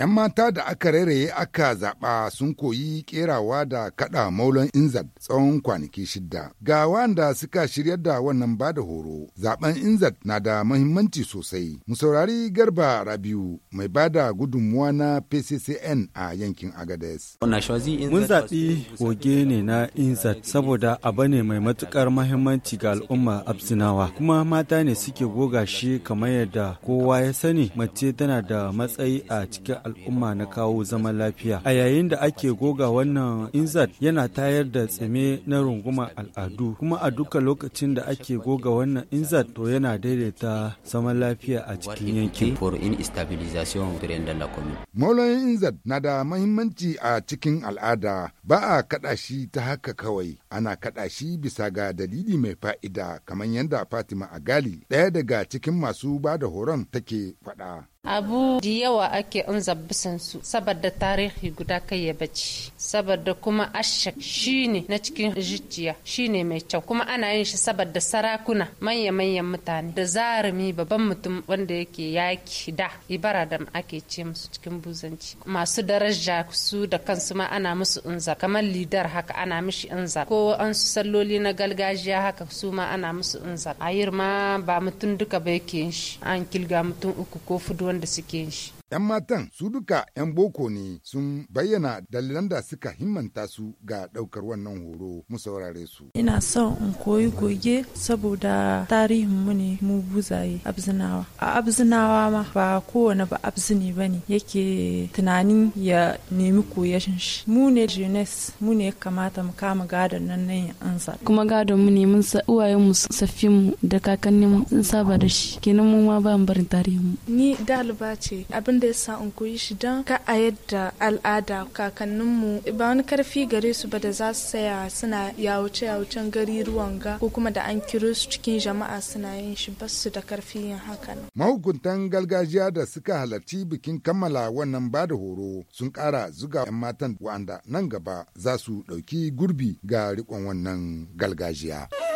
'Yan mata da aka rairaye aka zaɓa sun koyi ƙerawa da kaɗa maulon inzad tsawon kwanaki shidda. Ga wanda suka shiryar da wannan ba da horo, zaɓen inzad na da mahimmanci sosai. musaurari Garba Rabiu mai ba da gudunmuwa na PCCN a yankin Agades. Mun zaɓi goge ne na inzad saboda abu ne mai matuƙar mahimmanci ga al'umma absinawa kuma mata ne suke goga shi kamar yadda kowa ya sani mace tana da matsayi a cikin al'umma na kawo zaman lafiya. A yayin da ake goga wannan inzat yana tayar da tsime na rungumar al'adu kuma a duka lokacin da ake goga wannan inzat to yana daidaita zaman lafiya a cikin yankin. Maulayin inzat na da mahimmanci a cikin al'ada ba a kaɗa shi ta haka kawai ana kaɗa shi bisa ga dalili mai fa'ida kamar yadda Fatima Agali ɗaya daga cikin masu bada horon take faɗa. abu da yawa ake an zabbisan su saboda tarihi guda kai ya bace saboda kuma ashak shine na cikin zuciya shine mai kyau kuma ana yin shi saboda sarakuna manya manyan mutane da zarumi babban mutum wanda yake yaki da ibara da ake ce musu cikin buzanci masu daraja su da kansu ma ana musu unza kamar lidar haka ana mishi unza ko an su salloli na galgajiya haka su ma ana musu unza ayir ma ba mutum duka ba yake yin shi an kilga mutum uku ko fudu anda-se que 'Yan matan su duka 'yan boko ne sun bayyana dalilan da suka himmanta su ga ɗaukar wannan horo mu saurare su. Ina son in koyi goge saboda mu ne mu buzaye abzinawa. A abzinawa ma ba kowane ba abzini ba ne yake tunani ya nemi koyashin shi. Mu ne jeunesse mu ne kamata mu kama gadon nan nan ansa. Kuma gadon mu ne mun sa uwayenmu saffin mu da mu sun saba da shi kenan mu ma ba mu barin mu Ni daliba ce abin abin da ya sa in koyi shi don ka a yadda al'ada kakanninmu ba wani karfi gare su ba da za su saya suna yawuce yawucen gari ruwan ga ko kuma da an kiro su cikin jama'a suna yin shi ba su da karfi yin haka na. Mahukuntan gargajiya da suka halarci bikin kammala wannan ba da horo sun kara zuga 'yan matan wanda nan gaba za su ɗauki gurbi ga rikon wannan gargajiya.